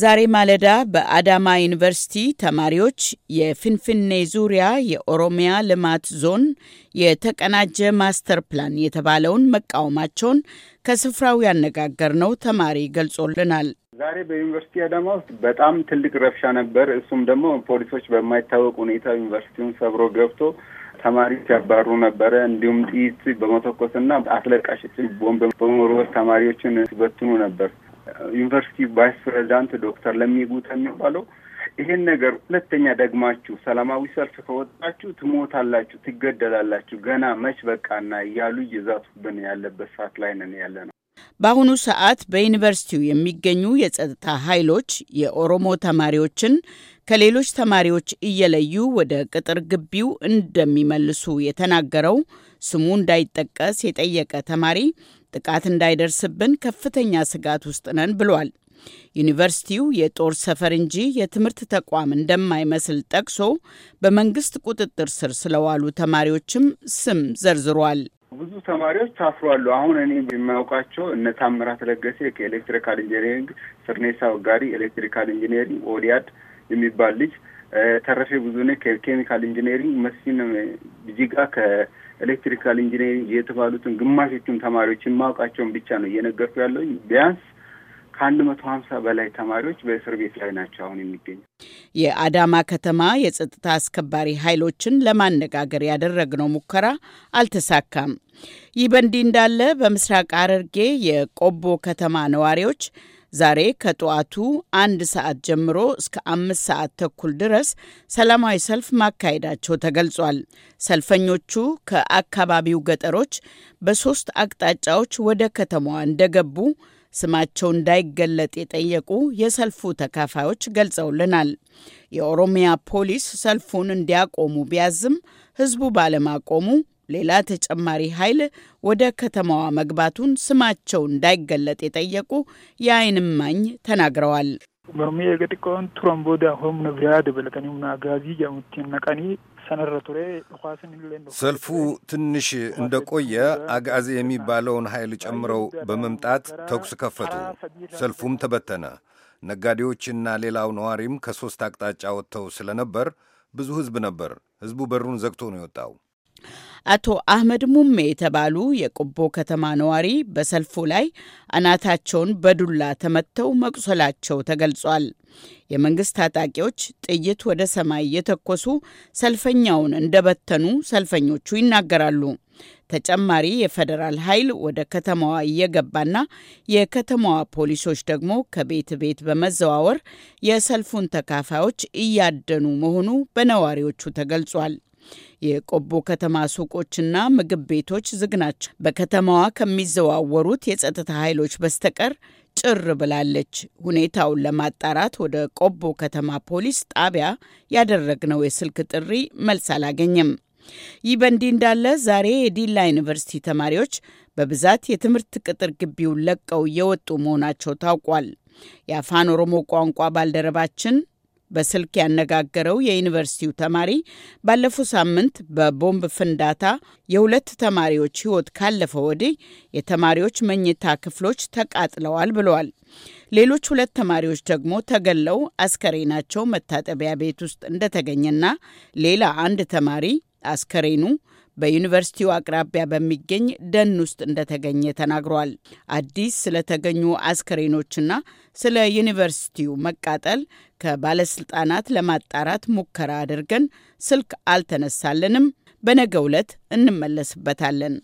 ዛሬ ማለዳ በአዳማ ዩኒቨርሲቲ ተማሪዎች የፍንፍኔ ዙሪያ የኦሮሚያ ልማት ዞን የተቀናጀ ማስተር ፕላን የተባለውን መቃወማቸውን ከስፍራው ያነጋገርነው ተማሪ ገልጾልናል። ዛሬ በዩኒቨርሲቲ አዳማ ውስጥ በጣም ትልቅ ረብሻ ነበር። እሱም ደግሞ ፖሊሶች በማይታወቅ ሁኔታ ዩኒቨርሲቲውን ሰብሮ ገብቶ ተማሪ ሲያባሩ ነበረ። እንዲሁም ጥይት በመተኮስና አስለቃሽ ቦምብ በመወርወር ተማሪዎችን ሲበትኑ ነበር። ዩኒቨርሲቲ ቫይስ ፕሬዚዳንት ዶክተር ለሚጉት የሚባለው ይሄን ነገር ሁለተኛ ደግማችሁ ሰላማዊ ሰልፍ ከወጣችሁ ትሞታላችሁ፣ ትገደላላችሁ፣ ገና መች በቃና እያሉ እየዛቱብን ያለበት ሰዓት ላይ ነን ያለ ነው። በአሁኑ ሰዓት በዩኒቨርሲቲው የሚገኙ የጸጥታ ኃይሎች የኦሮሞ ተማሪዎችን ከሌሎች ተማሪዎች እየለዩ ወደ ቅጥር ግቢው እንደሚመልሱ የተናገረው ስሙ እንዳይጠቀስ የጠየቀ ተማሪ ጥቃት እንዳይደርስብን ከፍተኛ ስጋት ውስጥ ነን ብሏል። ዩኒቨርሲቲው የጦር ሰፈር እንጂ የትምህርት ተቋም እንደማይመስል ጠቅሶ በመንግስት ቁጥጥር ስር ስለዋሉ ተማሪዎችም ስም ዘርዝሯል። ብዙ ተማሪዎች ታስሯሉ። አሁን እኔ የማያውቃቸው እነ ታምራት ለገሴ ከኤሌክትሪካል ኢንጂኒሪንግ፣ ስርኔሳ ወጋሪ ኤሌክትሪካል ኢንጂኒሪንግ ኦዲያድ የሚባል ልጅ፣ ተረፌ ብዙ ከኬሚካል ኢንጂኒሪንግ፣ መስፍን ጅጋ ኤሌክትሪካል ኢንጂነሪንግ የተባሉትን ግማሾቹን ተማሪዎች የማውቃቸውን ብቻ ነው እየነገርኩ ያለውኝ ቢያንስ ከአንድ መቶ ሀምሳ በላይ ተማሪዎች በእስር ቤት ላይ ናቸው አሁን የሚገኙ። የአዳማ ከተማ የጸጥታ አስከባሪ ኃይሎችን ለማነጋገር ያደረግነው ሙከራ አልተሳካም። ይህ በእንዲህ እንዳለ በምስራቅ ሐረርጌ የቆቦ ከተማ ነዋሪዎች ዛሬ ከጠዋቱ አንድ ሰዓት ጀምሮ እስከ አምስት ሰዓት ተኩል ድረስ ሰላማዊ ሰልፍ ማካሄዳቸው ተገልጿል። ሰልፈኞቹ ከአካባቢው ገጠሮች በሶስት አቅጣጫዎች ወደ ከተማዋ እንደገቡ ስማቸው እንዳይገለጥ የጠየቁ የሰልፉ ተካፋዮች ገልጸውልናል። የኦሮሚያ ፖሊስ ሰልፉን እንዲያቆሙ ቢያዝም ህዝቡ ባለማቆሙ ሌላ ተጨማሪ ኃይል ወደ ከተማዋ መግባቱን ስማቸው እንዳይገለጥ የጠየቁ የዓይን እማኝ ተናግረዋል። ሰልፉ ትንሽ እንደቆየ አጋዜ የሚባለውን ኃይል ጨምረው በመምጣት ተኩስ ከፈቱ። ሰልፉም ተበተነ። ነጋዴዎችና ሌላው ነዋሪም ከሦስት አቅጣጫ ወጥተው ስለነበር ብዙ ሕዝብ ነበር። ሕዝቡ በሩን ዘግቶ ነው የወጣው። አቶ አህመድ ሙሜ የተባሉ የቆቦ ከተማ ነዋሪ በሰልፉ ላይ አናታቸውን በዱላ ተመተው መቁሰላቸው ተገልጿል። የመንግስት ታጣቂዎች ጥይት ወደ ሰማይ እየተኮሱ ሰልፈኛውን እንደበተኑ ሰልፈኞቹ ይናገራሉ። ተጨማሪ የፌዴራል ኃይል ወደ ከተማዋ እየገባና የከተማዋ ፖሊሶች ደግሞ ከቤት ቤት በመዘዋወር የሰልፉን ተካፋዮች እያደኑ መሆኑ በነዋሪዎቹ ተገልጿል። የቆቦ ከተማ ሱቆችና ምግብ ቤቶች ዝግ ናቸው። በከተማዋ ከሚዘዋወሩት የጸጥታ ኃይሎች በስተቀር ጭር ብላለች። ሁኔታውን ለማጣራት ወደ ቆቦ ከተማ ፖሊስ ጣቢያ ያደረግነው የስልክ ጥሪ መልስ አላገኘም። ይህ በእንዲህ እንዳለ ዛሬ የዲላ ዩኒቨርሲቲ ተማሪዎች በብዛት የትምህርት ቅጥር ግቢውን ለቀው እየወጡ መሆናቸው ታውቋል። የአፋን ኦሮሞ ቋንቋ ባልደረባችን በስልክ ያነጋገረው የዩኒቨርሲቲው ተማሪ ባለፈው ሳምንት በቦምብ ፍንዳታ የሁለት ተማሪዎች ሕይወት ካለፈ ወዲህ የተማሪዎች መኝታ ክፍሎች ተቃጥለዋል ብለዋል። ሌሎች ሁለት ተማሪዎች ደግሞ ተገለው አስከሬናቸው መታጠቢያ ቤት ውስጥ እንደተገኘና ሌላ አንድ ተማሪ አስከሬኑ በዩኒቨርሲቲው አቅራቢያ በሚገኝ ደን ውስጥ እንደተገኘ ተናግሯል። አዲስ ስለተገኙ አስከሬኖችና ስለ ዩኒቨርሲቲው መቃጠል ከባለስልጣናት ለማጣራት ሙከራ አድርገን ስልክ አልተነሳልንም። በነገ ዕለት እንመለስበታለን።